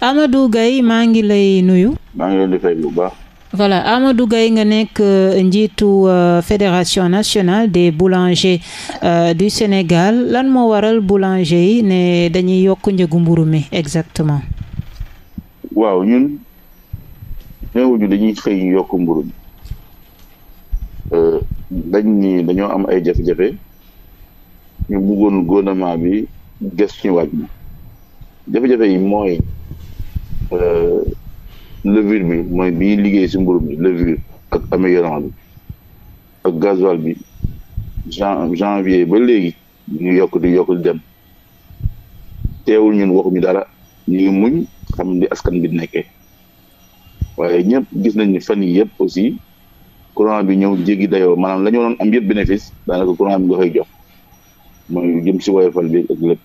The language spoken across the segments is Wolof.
Amadou Gaye maa ngi lay nuyu. maa ngi leen di bu baax. voilà Amadou Gaye nga nekk euh, njiitu euh, fédération nationale des boulangers euh, du Sénégal lan moo waral boulanger yi ne dañuy yokk njëgu mburu mi exactement. waaw ñun néewuñu dañuy xëy yokk mburu mi dañ ni dañoo am ay jafe-jafe ñu bëggoon jafe-jafe yi mooy. Euh, levure bi mooy bi ñuy liggéey si mburu mi levure ak améliorant bi ak gasoil bi jan janvier ba léegi ñu yokk di yokk di dem teewul ñun waxuñu dara ñu muñ xam di askan bi nekkee waaye ñëpp gis nañ ni fan yi yëpp aussi courant bi ñëw jéggi dayoo maanaam la noon am yëpp bénéfice daanaka courant bi nga koy jox mooy jëm si woyofal bi ak lépp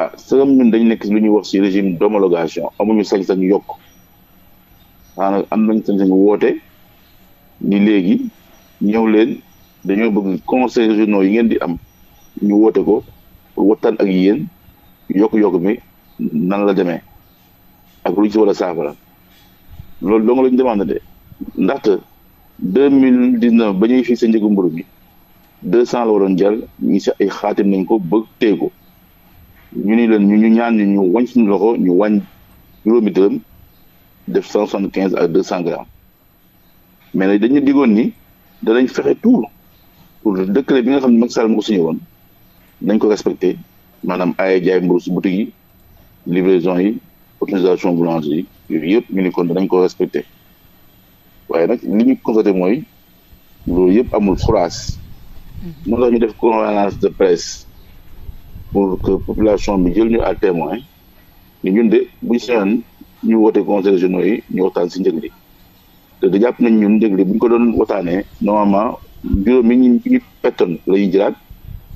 ah sëgam ñun dañ nekk lu ñuy wax ci régime d'homologation amuñu sañ sañ yokk maanaam am nañ sañ-sañu woote ni léegi ñëw leen dañoo bëgg conseil régionaux yi ngeen di am ñu woote ko pour waxtaan ak yéen yokk-yokk mi nan la demee ak lu ñu si war a saafara loolu dong la ñu demandé de ndaxte deux mille dix neuf ba ñuy fii sa njëgu mburu bi deux cent la waroon jar ñi si ay xaatim nañ ko bëgg téye ko ñu ni leen ñu ñaan ñu ñu wàññi suñu loxo ñu wàññi juróomi dërëm def cent soixante quinze ak deux cent grammes mais nag dañu digoon ni danañ fexe tout pour décret bi nga xam ne Macky Sall moo ko signé woon nañ ko respecté maanaam ay jaay mburu si boutique yi livraison yi autorisation boulangerie yi yooyu yëpp ñu ni kon danañ ko respecté waaye nag li ñu constaté mooy loolu yëpp amul xuraas mm-hmm. moo tax ñu def conférence de presse pour population bi jël ñu à témoin ni ñun de buñ seen ñu woote conseil régionaux yi ñu waxtaan si njëg li te da jàpp nañ ñun njëg li bu ko doon waxtaanee normalement juróom yi ñu ñu pettoon la ñuy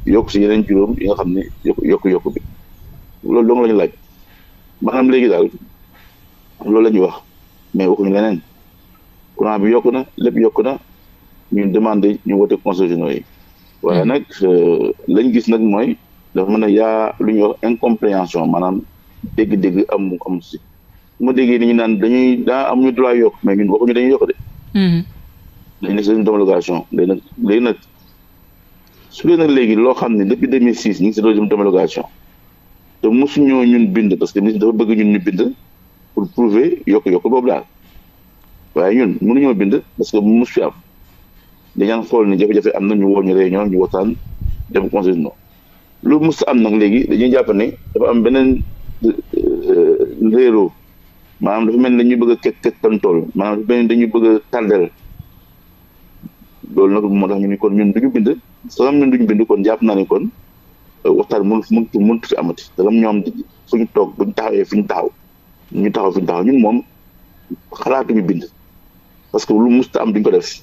yokk si yeneen juróom yi nga xam ne yokku yokku bi loolu dong la laaj maanaam léegi daal loolu la wax mais waxuñu leneen courant bi yokk na lépp yokk na ñun demandé ñu woote conseil régionaux yi waaye hmm. nag euh, lañ gis nag mooy dafa mën a yaa lu ñuy wax incompréhension maanaam dégg-dégg am mu am si mu déggee ni ñu naan dañuy daa am ñu droit yokk mais ñun waxuñu dañuy yokk de. Mm-hmm. dañu nekk seen homologation léegi nag léegi nag su dee nag léegi loo xam ne depuis 2006 ñu ngi si doon jëm homologation te mosuñoo ñun bind parce que ministre dafa bëgg ñun ñu bind pour prouver yokk-yokk boobu daal waaye ñun mënuñoo bind parce que mosu fi am dañu daan xool ni jafe-jafe am na ñu woo ñu réunion ñu waxtaan dem conseil lu mus am nag léegi dañuy jàpp ne dafa am beneen euh, réeróo maanaam dafa mel ni dañuy bëgg a kekk tekkantool maanaam dafa mel ni dañuy bëgg a tàddal loolu nag moo tax ñu ni kon ñun duñu bind saxam ñun duñu bind kon jàpp naa ne kon euh, waxtaan mënu mënut mënut fi amati saxam ñoom fu ñu toog buñ taxawee fi ñu taxaw ñu taxaw fi ñu taxaw ñun moom xalaatuñu bind parce que lu musta am duñ ko def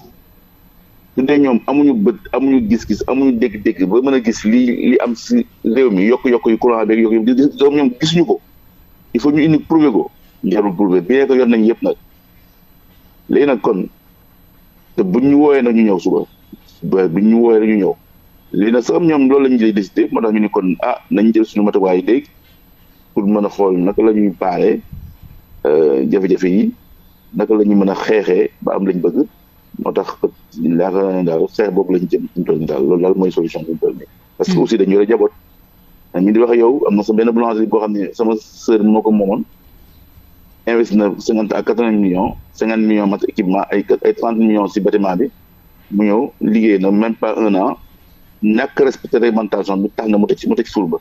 su ñoom amuñu bët amuñu gis-gis amuñu dégg-dégg ba mën a gis li li am si léew mi yokk-yokk yu courant beeg yokk yëpp doom ñoom gisuñu ko il faut ñu indi prouver ko jarul prouver bien que yor nañ yëpp nag léegi nag kon te buñ ñu wooyee nag ñu ñëw suba buñ ñu wooyee nag ñu ñëw léegi nag sax ñoom loolu la ñu lay décidé moo tax ñu ni kon ah nañ jël suñu matuwaay léegi pour mën a xool naka la ñuy baaree euh, jafe-jafe yi naka la ñuy mën a xeexee ba am lañ bëgg moo tax yaakaar naa ne daal xeex boobu lañ jëm ñu toll nii daal mooy solution bi ñu toll parce que hmm. aussi dañu yore jaboot ñu di wax yow am na sa benn ne sama sœur moo ko moomoon investi na cinquante à quatre-vingts millions cinquante millions mat équipement ay trente millions si bâtiment bi mu ñëw liggéey na même pas un an ñàkk respecté réglementation bi tax na mu teg ci mu teg ci suul ba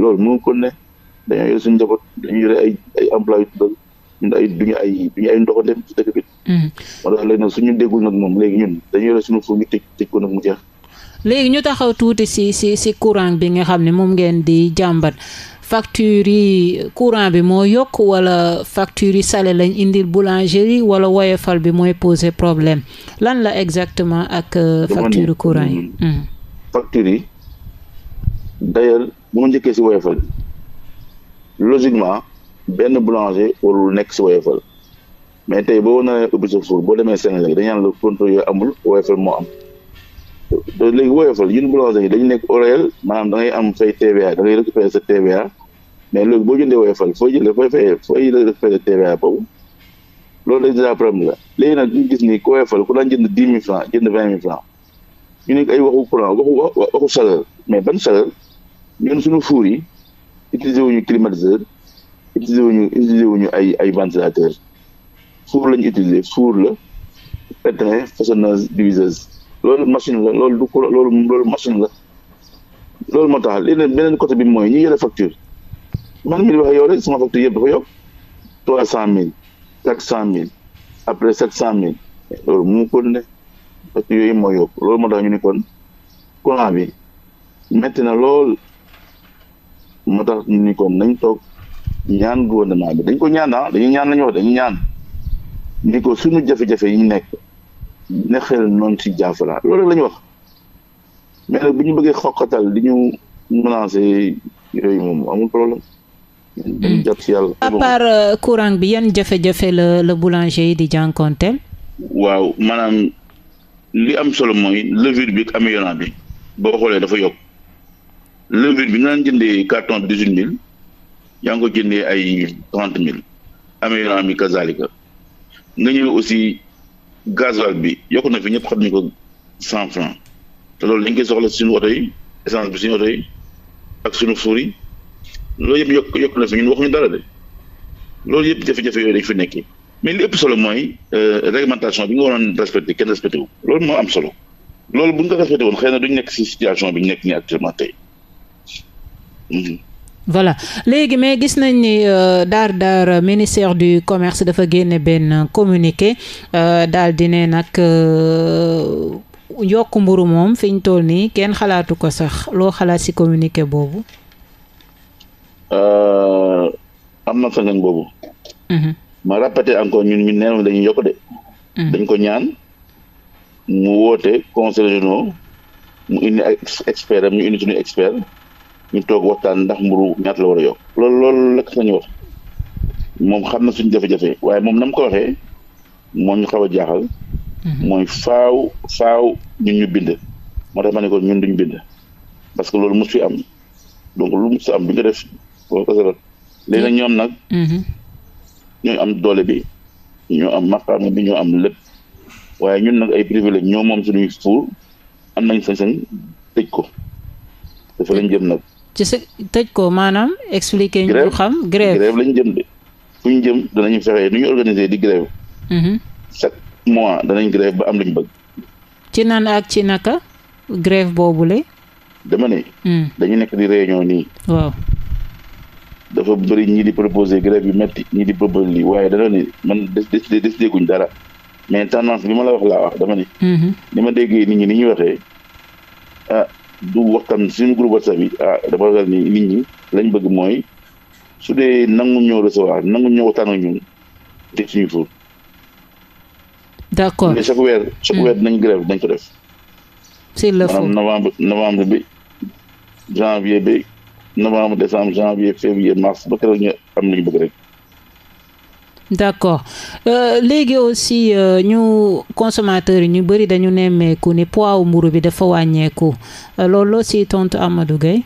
loolu mu ngi ko ne dañoo yore suñu jaboot dañu yore ay ay emploi yu ñun ay duñu ay hmm. déggul nag moom léegi ñun dañuy yore suñu fu ñu tëj tëj ko nag mu léegi ñu taxaw tuuti si si si courant bi nga xam ne moom ngeen di jàmbat facture yi courant bi moo yokk wala facture yi salé lañ indil boulangerie wala woyofal bi mooy poser problème lan la exactement ak. Euh, facture courant yi. Hmm. facture yi d'ailleurs bu ma njëkkee si woyofal logiquement. benn boulanger warul nekk si Woyofal mais tey boo na ubbi sa four boo demee Sénégal dañu naan la contrôle yooyu amul Woyofal moo am léegi Woyofal yun boulanger yi dañu nekk horaire maanaam da ngay am say TVA da ngay récupérer sa TVA mais léegi boo jëndee Woyofal foo jëlee fooy fayee fooy récupérer TVA boobu loolu la déjà problème la léegi nag ñu gis ni ku Woyofal ku daan jënd dix mille francs jënd vingt mille ñu nekk ay waxu courant waxu waxu mais ban chaleur ñun suñu four yi utiliser wuñu climatiseur utiliser wuñu utiliser wuñu ay ay ventilateur four lañu utiliser four la pétrin façonneuse diviseuse loolu machine la loolu du ko loolu loolu machine la loolu moo tax léegi beneen côté bi mooy ñu yore facture man mii di wax yow rek sama facture yëpp dafa yokk trois cent mille quatre cent mille après sept cent mille loolu mu ko ne parce yooyu moo yokk loolu moo tax ñu ne kon courant bi metti na lool moo tax ñu ni kon nañ toog ñaan gouvernement bi dañ ko ñaan ah dañu ñaan lañu wax dañu ñaan ni ko suñu jafe-jafe yi ñu nekk ne xel noonu si Diafra loolu la wax mais nag bu ñu bëggee xoqatal di ñu menacer yooyu moom amul problème. dañu hmm. jàpp si yàlla. à part euh, courant bi yan jafe-jafe la la boulanger yi di jànkonteel. waaw manaam li am solo mooy levure bi ak améliorant bi boo xoolee dafa yokk levure bi nga daan jëndee carton bi dix-huit yaa ngi ko jëndee ay trente mille améliorant bi kazalika nga ñëw aussi gasoil bi yokku na fi ñëpp xam nañu ko cent franc te loolu dañ koy soxla suñu oto yi essence bi suñu oto yi ak suñu fuur yëpp yokk yokk na fi ñun waxuñu dara de loolu yëpp jafe-jafe yooyu dañ fi nekkee mais li ëpp solo mooy euh, réglementation bi nga waroon respecté kenn respecté wu loolu moo am solo loolu bu ñu ko respecté woon xëy na duñ nekk si situation bi ñu nekk nii actuellement tey. Mm-hmm. voilà léegi mais gis nañ ni euh, daar daar euh, ministère du commerce dafa génne benn communiqué euh, daal di ne nag yokk mburu moom fi ñu toll nii kenn xalaatu ko sax loo xalaat ci communiqué boobu. am na sañ-sañ boobu. Mhm. ma répété encore ñun ñu neewoon dañuy yokk de. Mhm. dañ ko ñaan mu woote conseil régional mu indi ay experts am expert ñu toog waxtaan ndax mburu ñaata la war a lool loolu loolu lekk nañu moom xam na suñ jafe-jafe waaye moom na mu ko waxee moo ñu xaw a jaaxal mhm. mooy faaw faaw ñun ñu bind moo tax ma ne ko ñun duñu bind parce que loolu mos fi am donc lu mos am bi nga def ko kasara léegi nag ñoom mhm. am doole bi ñoo am maqaam bi ñu am lépp waaye ñun nag ay privilège ñoo moom suñuy fuur am nañ sañ-sañ tëj ko dafa lañ jëm nag ci sa tëj ko maanaam expliquer ñu xam grève grève lañu jëm de fu ñu jëm ñu fexe nu ñu organiser di grève mhm. chaque mois danañ grève ba am lañ bëgg ci nan ak ci naka boobu le dama ne mhm. dañu nekk di réunion nii waaw dafa bëri ñi di proposer grève yu metti ñi di proposer lii waaye dana ne man décidé décidé guñ dara mais tendance bi ma la wax laa wax dama ne mhm. ni ma déggee nit ñi ni ñu waxee ah, du waxtaan suñu groupe whatsapp ah, nit ñi lañ bëgg mooy su dee nangu ñoo recevoir nangu ñoo waxtaan ak ñun teg suñu fóot. d' accord mais nañ weer chaque hmm. weer nañ grève dañ ko def. c'est le fond novembre novembre bi janvier bi novembre décembre janvier février mars ba keroog ñu am nañu bëgg rek. d' accord euh, léegi aussi euh, ñu euh, consommateurs yi ñu bëri dañu nemmeeku ni poids wu mburu bi dafa wàññeeku euh, loolu si tontu Amadou Gueye.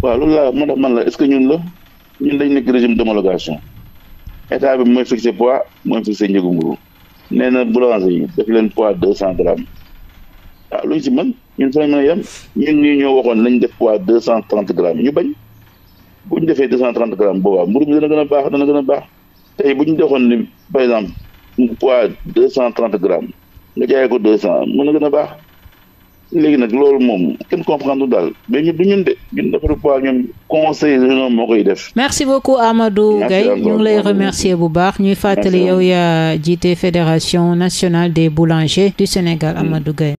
waaw loolu laa man man la est ce que ñun la ñun dañ nekk régime d'homologation état bi mooy fixé poids mooy fixé njëgu mburu nee na boulanger yi def leen poids deux cent grammes waaw lu ñu si mën ñun fan la mën a yem ñun ñii ñoo waxoon nañ def poids deux cent trente ñu bañ bu ñu defee deux cent trente grammes boobaa mburu mi dana gën a baax dana gën a baax. tey bu ñu defoon ni par exemple poids deux grammes nga jaayee ko deux na gën a baax léegi nag loolu moom kenn comprendre daal mais ñun du ñun de ñun dafa poids ñoom conseil région moo koy def. merci beaucoup Amadou Gaye ñu lay remercier bu baax ñuy fàttali yow yaa jiite fédération nationale des boulangers du Sénégal Amadou Gaye.